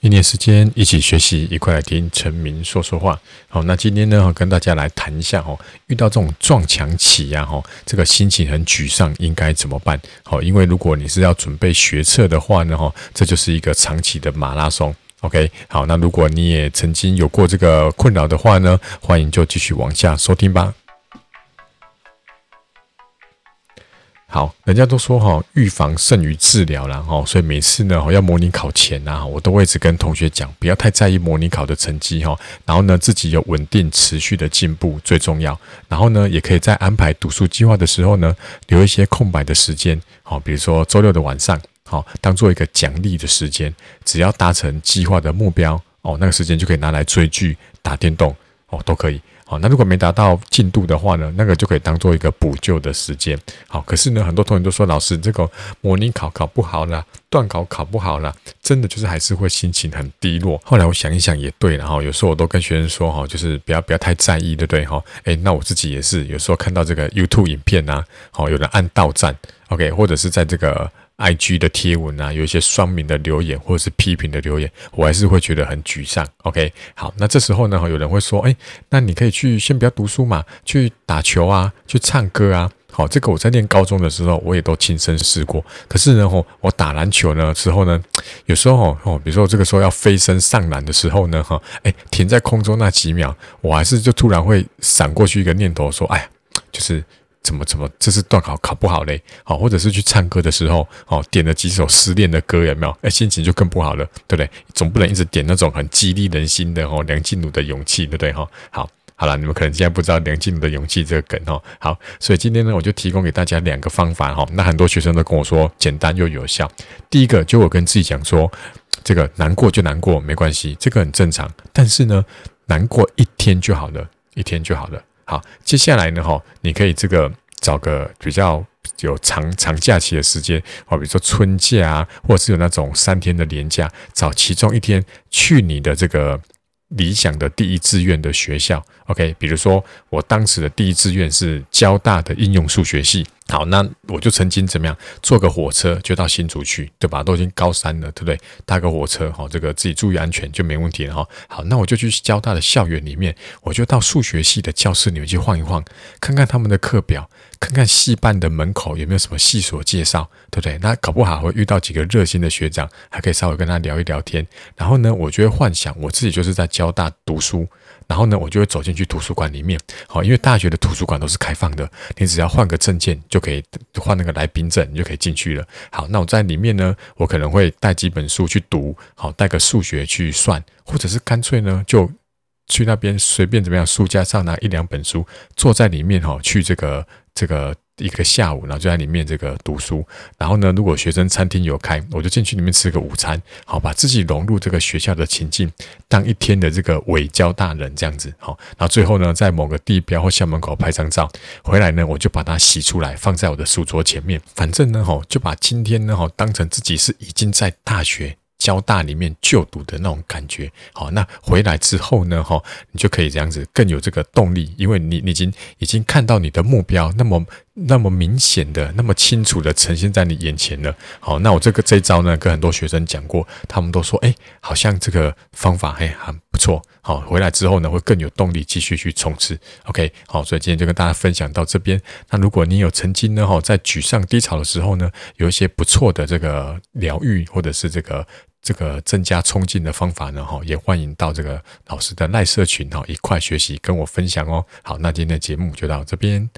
一年時間，一起學習，一塊來聽陳明說說話。好，那今天呢，跟大家來談一下哦，遇到這種撞牆期呀，哦，這個心情很沮喪，應該怎麼辦？好，因為如果你是要準備學測的話呢，哈，這就是一個長期的馬拉松。OK，好，那如果你也曾經有過這個困擾的話呢，歡迎就繼續往下收聽吧。好，人家都說哈、哦，預防勝於治療啦。哈、哦，所以每次呢、哦，要模擬考前啊，我都會一直跟同學講，不要太在意模擬考的成績哈、哦，然後呢，自己有穩定持續的進步最重要。然後呢，也可以在安排讀書計劃的時候呢，留一些空白的時間，好、哦，比如說周六的晚上，好、哦，當做一個獎勵的時間，只要達成計劃的目標哦，那個時間就可以拿來追劇、打電動。哦，都可以。好、哦，那如果沒達到進度的話呢，那個就可以當做一個補救的時間。好、哦，可是呢，很多同學都說，老師這個模擬考考不好了，段考考不好了，真的就是還是會心情很低落。後來我想一想也對，了。哈、哦，有時候我都跟學生說哈、哦，就是不要不要太在意，對不對哈、哦？誒，那我自己也是有時候看到這個 YouTube 影片啊，好、哦，有人按倒讚，OK，或者是在這個。IG 的貼文啊，有一些酸民的留言或者是批評的留言，我還是會覺得很沮喪。OK，好，那這時候呢，有人會說，哎、欸，那你可以去先不要讀書嘛，去打球啊，去唱歌啊。好，這個我在念高中的時候，我也都親身試過。可是呢，我打籃球的時候呢，有時候哦，比如說我這個時候要飛身上籃的時候呢，誒、欸、哎，停在空中那幾秒，我還是就突然會閃過去一個念頭，說，哎呀，就是。怎麼怎麼，這是段考考不好嘞？好、哦，或者是去唱歌的時候，哦，點了幾首失戀的歌有沒有？哎，心情就更不好了，對不對？總不能一直點那種很激勵人心的哦。梁靜茹的勇氣，對不對哈、哦？好好了，你們可能現在不知道梁靜茹的勇氣這個梗哈、哦。好，所以今天呢，我就提供給大家兩個方法哈、哦。那很多學生都跟我說，簡單又有效。第一個，就我跟自己講說，這個難過就難過，沒關係，這個很正常。但是呢，難過一天就好了，一天就好了。好，接下來呢，哈，你可以這個找個比較有長長假期的時間，哦，比如說春假啊，或者是有那種三天的連假，找其中一天去你的這個理想的第一志願的學校。OK，比如說我當時的第一志願是交大的應用數學系。好，那我就曾經怎麼樣，坐個火車就到新竹去，對吧？都已經高三了，對不對？搭個火車。好，這個自己注意安全就沒問題了，哈。好，那我就去交大的校園裡面，我就到數學系的教室裡面去晃一晃，看看他們的課表，看看系辦的門口有沒有什麼系所介紹，對不對？那搞不好會遇到幾個熱心的學長，還可以稍微跟他聊一聊天。然後呢，我就會幻想我自己就是在交大讀書。然後呢，我就會走進去圖書館裡面，好，因為大學的圖書館都是開放的，你只要換個證件就可以換那個來賓證，你就可以進去了。好，那我在裡面呢，我可能會帶幾本書去讀，好，帶個數學去算，或者是乾脆呢，就去那邊隨便怎麼樣，書架上拿一兩本書，坐在裡面哈，去這個這個，一個下午，然後就在裡面這個讀書，然後呢，如果學生餐廳有開，我就進去裡面吃個午餐，好，把自己融入這個學校的情境，當一天的這個偽交大人這樣子，好，然後最後呢，在某個地標或校門口拍張照，回來呢，我就把它洗出來放在我的書桌前面，反正呢，就把今天呢，當成自己是已經在大學交大裡面就讀的那種感覺，好，那回來之後呢，你就可以這樣子更有這個動力，因為你，你已經已經看到你的目標，那麼。那麼明顯的、那麼清楚的呈現在你眼前了。好，那我這個這一招呢，跟很多學生講過，他們都說，哎、欸，好像這個方法、欸、還很不錯。好，回來之後呢，會更有動力繼續去衝刺。OK，好，所以今天就跟大家分享到這邊。那如果你有曾經呢，哈，在沮喪低潮的時候呢，有一些不錯的這個療癒或者是這個這個增加衝勁的方法呢，哈，也歡迎到這個老師的賴社群哈，一塊學習跟我分享哦。好，那今天的節目就到這邊。